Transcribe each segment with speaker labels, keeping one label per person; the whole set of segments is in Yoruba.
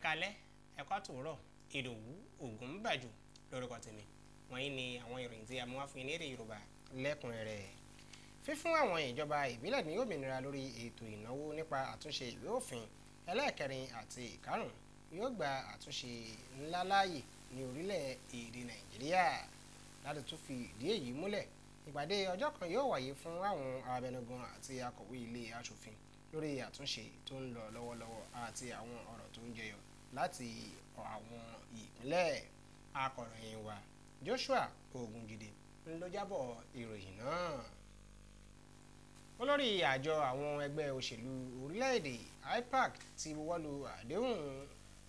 Speaker 1: ẹ̀kálẹ́ ẹ̀kọ́ àtòwúrọ̀ ìdòwú ògúnbàjò lórúkọ tèmi wọ̀nyí ni àwọn ìròyìn tí a mú wá fún ilé èdè yorùbá lẹ́kùnrẹ́rẹ́ fífún àwọn ìjọba ìbílẹ̀ ní òmìnira lórí ètò ìnáwó nípa àtúnṣe ìwé òfin ẹlẹ́ẹ̀kẹrin àti ìkarùn yóò gba àtúnṣe ńlá láàyè ní orílẹ̀-èdè nàìjíríà láti tún fi ìdí èyí múlẹ̀ ìpàdé ọjọ́ kan yóò wáyé fún àwọn abẹnugan àti akọ̀wé ilé aṣòfin lórí àtúnṣe tó ń lọ lọ́wọ́lọ́wọ́ àti àwọn ọ̀rọ̀ tó ń jẹyọ láti àwọn ìpínlẹ̀ akọ̀ròyìn wa Joshua Ogunjide ló jábọ̀ ìròyìn náà olórí àjọ àwọn ẹgbẹ́ òṣèlú orílẹ̀-èdè IPAC ti buwọ́lu àdéhùn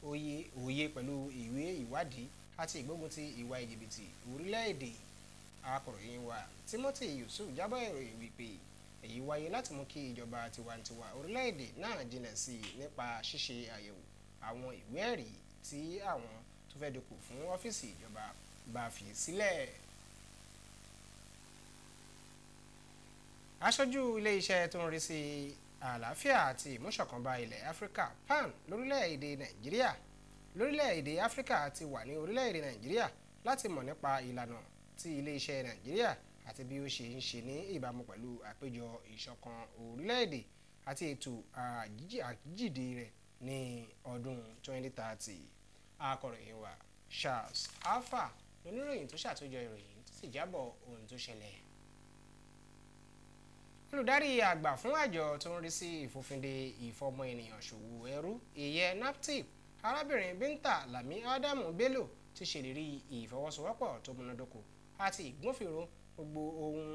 Speaker 1: òye òye pẹ̀lú ìwé ìwádìí àti ìgbógunti ìwà ìjìbìtì orílẹ̀-èdè akọ̀ròyìn wa Timothy Yusuf jábọ̀ ìròyìn wípé èyí wáyé láti mú kí ìjọba tiwantiwa orílẹ̀-èdè náà jinlẹ̀ sí i nípa ṣíṣe àyẹ̀wò àwọn ìwé ẹ̀rí tí àwọn tó fẹ́ dipò fún ọ́fíìsì ìjọba bá fi sílẹ̀. aṣojú ilé-iṣẹ́ tó ń rí sí àlàáfíà àti ìmúṣọ̀kanba ilẹ̀ áfíríkà pan lórílẹ̀‐èdè nàìjíríà lórílẹ̀‐èdè áfíríkà ti wà ní orílẹ̀‐èdè nàìjíríà láti mọ̀ nípa ìlànà ti ilé-iṣẹ́ nàìjíríà àti bí ó ṣe ń ṣe ní ìbámu pẹ̀lú àpéjọ ìṣọ̀kan orílẹ̀-èdè àti ètò àjíjìde rẹ̀ ní ọdún 2030 akọ̀ròyìn wa Charles Alpha lóníròyìn tó ṣàtòjọ ìròyìn tó sì jábọ̀ ohun tó ṣẹlẹ̀ olùdarí àgbà fún àjọ tó ń rí sí ìfòfinde ìfọmọ ènìyàn ṣòwò ẹrú ìyẹn naptip arábìnrin Binta Lami Adamu Bello ti ṣèlérí ìfọwọ́sowọ́pọ̀ tó múnádóko àti ìgbófinró gbogbo ohun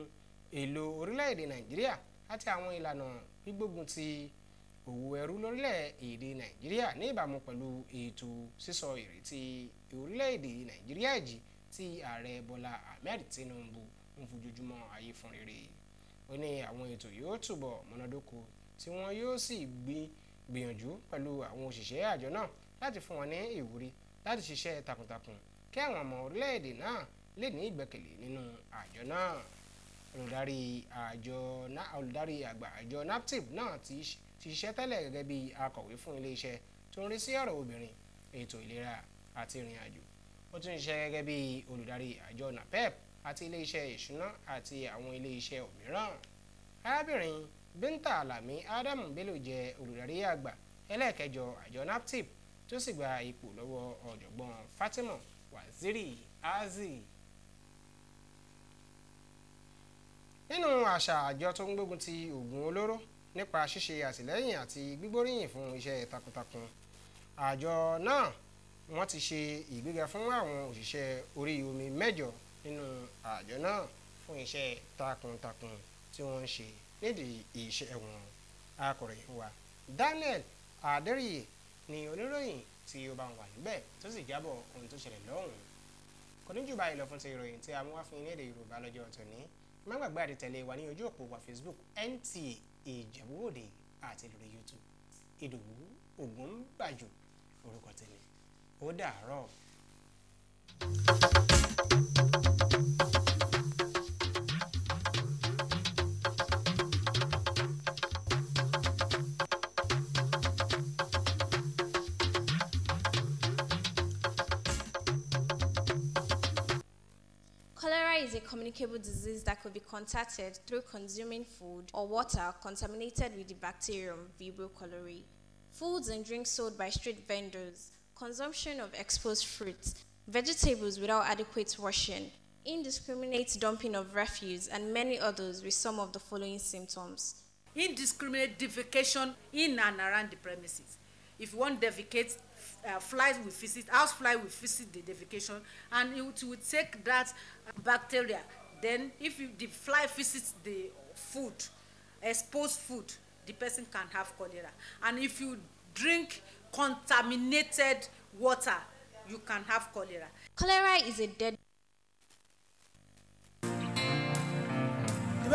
Speaker 1: èlò orílẹ̀-èdè Nàìjíríà àti àwọn ìlànà gbígbógun ti òwò ẹrú lórílẹ̀‐èdè nàìjíríà ní ìbámu pẹ̀lú ètò sísọ ìrètí orílẹ̀‐èdè nàìjíríà jì tí ààrẹ bọ́lá ahmed tinubu ń fojoojúmọ́ ayé fún rere ó ní àwọn ètò yóò túbọ̀ múnádóko tí wọ́n yóò sì gbìyànjú pẹ̀lú àwọn òṣìṣẹ́ àjọ náà láti fún wọn ní ìwúrí láti ṣiṣẹ́ takuntakun kí àwọn ọmọ orílẹ̀-èdè náà lè ní ìgbẹ́kẹ̀lé nínú àjọ náà olùdarí àgbà àjọ naptip náà ti ti ṣiṣẹ́ tẹ́lẹ̀ gẹ́gẹ́ bí akọ̀wé fún iléeṣẹ́ tó ń rí sí ọ̀rọ̀ obìnrin ètò ìlera àti ìrìn àjò ó tún ṣiṣẹ́ gẹ́gẹ́ bí olùdarí àjọ napep àti iléeṣẹ́ ìṣúná àti àwọn iléeṣẹ́ òmíràn arábìnrin Binta Alami Adamu Bello jẹ́ olùdarí àgbà ẹlẹ́ẹ̀kẹjọ àjọ naptip tó sì gba ipò lọ́wọ́ ọ̀jọ̀gbọ́n Fatima Waziri Azi nínú àṣà àjọ tó ń gbógun ti oògùn olóró nípa ṣíṣe àtìlẹ́yìn àti gbígbóríyìn fún iṣẹ́ takuntakun àjọ náà wọ́n ti ṣe ìgbéga fún àwọn òṣìṣẹ́ orí omi mẹ́jọ nínú àjọ náà fún iṣẹ́ takuntakun tí wọ́n ń ṣe nídìí iṣẹ́ wọn akọ̀ròyìn wa Daniel Adéríyè ni oníròyìn tí ó bá ń wà níbẹ̀ tó sì jábọ̀ ohun tó ṣẹlẹ̀ lọ́hùn-ún kò ní jù báyìí lọ fún ti ìròyìn tí a mú wá fún yín ní èdè Yorùbá lọ́jọ́ tòní má gbàgbé àti tẹ̀lé wa ní ojú òpó wa Facebook NTA Ìjẹ̀bú Òde àti lórí YouTube Ìdòwú Ògúnbàjò orúkọ tèmi ó dàárọ̀. thank you
Speaker 2: is a communicable disease that could be contacted through consuming food or water contaminated with the bacterium Vibrio cholerae. Foods and drinks sold by street vendors, consumption of exposed fruits, vegetables without adequate washing, indiscriminate dumping of refuse, and many others with some of the following symptoms. Indiscriminate defecation in and around the premises if you want defecate, uh, flies will visit, house fly will visit the defecation, and it will take that bacteria. Then, if you, the fly visits the food, exposed food, the person can have cholera. And if you drink contaminated water, you can have cholera. Cholera is a deadly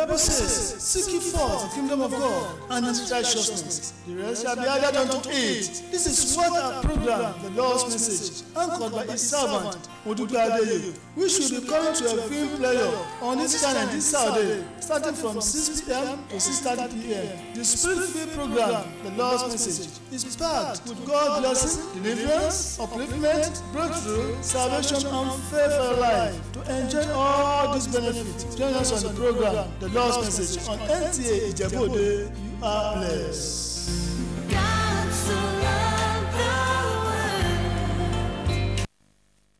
Speaker 2: Bible says, Seek ye first the kingdom of God and his righteousness. The rest shall be added unto it. This is what our program, the Lord's message, anchored by his servant, Odudu Adeye. We should be coming to a film player on this channel this Saturday, starting from 6 p.m. to 6.30 p.m. The spirit-filled program, the Lord's message, is packed with God's blessing, deliverance, upliftment, breakthrough, salvation, and faithful life to enjoy all God's benefit. Join us on the program, The Lord's Message, on NTA Ijebode. You are blessed.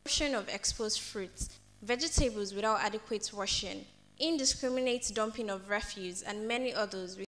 Speaker 2: Consumption of exposed fruits, vegetables without adequate washing, indiscriminate dumping of refuse, and many others.